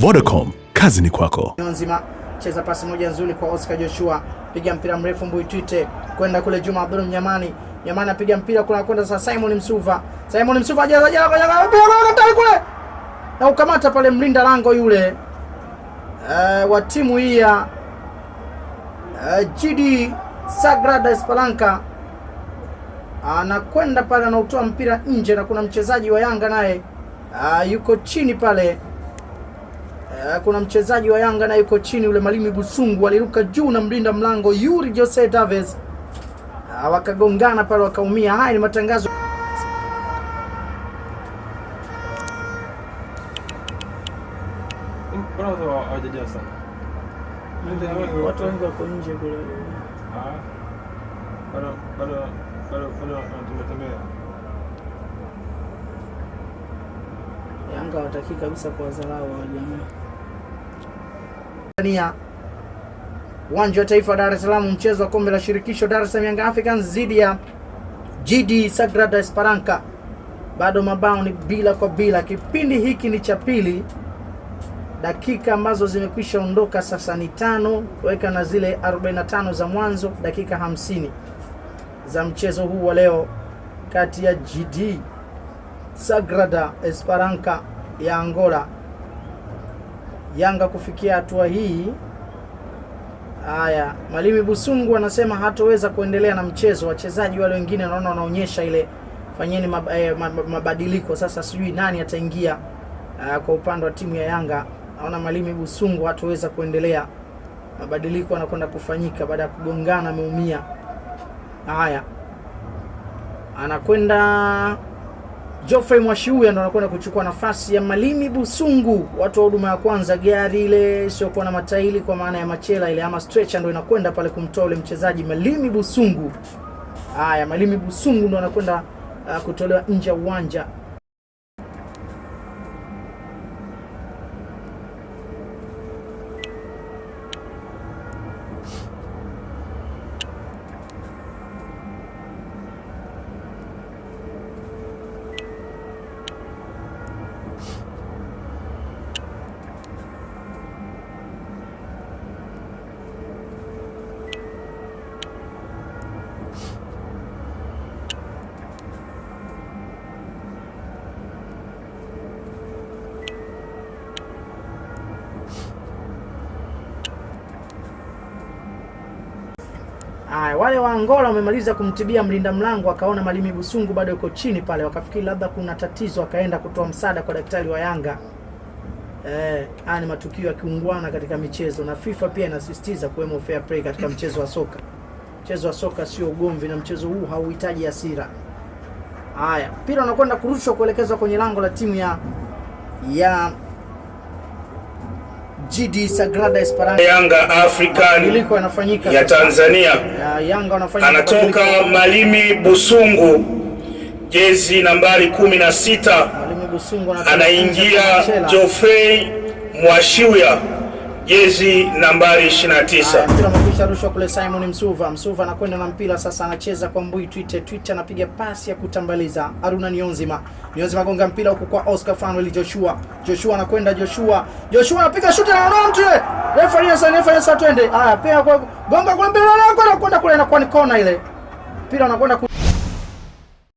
Vodacom, kazi ni kwako. Nzima cheza pasi moja nzuri kwa Oscar Joshua, piga mpira mrefu Mbuitwite kwenda kule Juma Abdul Mnyamani. Mnyamani apiga mpira kuna kwenda sasa Simon Msuva. Simon Msuva ajaza ajaza kule. Na ukamata pale mlinda lango yule. Uh, wa timu hii ya uh, Sagrada Espalanca anakwenda pale anautoa mpira nje, na kuna mchezaji wa Yanga naye uh, yuko chini pale Eh, kuna mchezaji wa Yanga na yuko chini yule Malimi Busungu aliruka juu na mlinda mlango Yuri Jose Davies eh, wakagongana pale wakaumia. Haya ni matangazo watu wengi wako nje kule Yanga wataki kabisa kwa wa jamaa Tanzania, uwanja wa taifa wa Dar es Salaam, mchezo wa kombe la shirikisho Dar es Salaam Young Africans dhidi ya GD Sagrada Esperanca, bado mabao ni bila kwa bila. Kipindi hiki ni cha pili, dakika ambazo zimekwisha ondoka sasa ni tano, weka na zile 45 za mwanzo, dakika 50 za mchezo huu wa leo kati ya GD Sagrada Esperanca ya Angola Yanga kufikia hatua hii. Haya, Mwalimu Busungu anasema hatoweza kuendelea na mchezo. Wachezaji wale wengine naona wanaonyesha ile fanyeni eh, mabadiliko. Sasa sijui nani ataingia uh, kwa upande wa timu ya Yanga. Naona Mwalimu Busungu hatoweza kuendelea, mabadiliko anakwenda kufanyika baada ya kugongana, ameumia. Haya, anakwenda Geoffrey Mwashiuya ndo anakwenda kuchukua nafasi ya Malimi Busungu, watu wa huduma ya kwanza. Gari ile isiyokuwa na matairi kwa maana ya machela ile ama stretcher ndo inakwenda pale kumtoa ule mchezaji Malimi Busungu. Haya, Malimi Busungu ndo anakwenda uh, kutolewa nje ya uwanja. Aya, wale wa Angola wamemaliza kumtibia mlinda mlango, akaona Malimi Busungu bado yuko chini pale, wakafikiri labda kuna tatizo, akaenda kutoa msaada kwa daktari wa Yanga. Eh, haya ni matukio ya kiungwana katika michezo, na FIFA pia inasisitiza kuwemo fair play katika mchezo wa soka. Mchezo wa soka sio ugomvi, na mchezo huu hauhitaji hasira. Haya, mpira unakwenda kurushwa kuelekezwa kwenye lango la timu ya ya GD Sagrada Esperanza Yanga African yanafanyika ya Tanzania ya Yanga wanafanya anatoka Malimi Busungu, jezi nambari 16 Malimi Busungu anaingia Jofei Mwashiuya jezi nambari 29. Ah, mpira umekwisha rushwa kule Simon Msuva. Msuva anakwenda na mpira sasa, anacheza kwa Mbui Twite. Twite anapiga pasi ya kutambaliza Aruna Nionzima. Nionzima gonga mpira huko kwa Oscar Fanuel Joshua. Joshua anakwenda Joshua. Joshua anapiga shuti na Ronaldo. Referee yasa referee sasa, twende. Haya, pea kwa gonga kule mbele yako na anakwenda kule inakuwa ni kona ile. Mpira unakwenda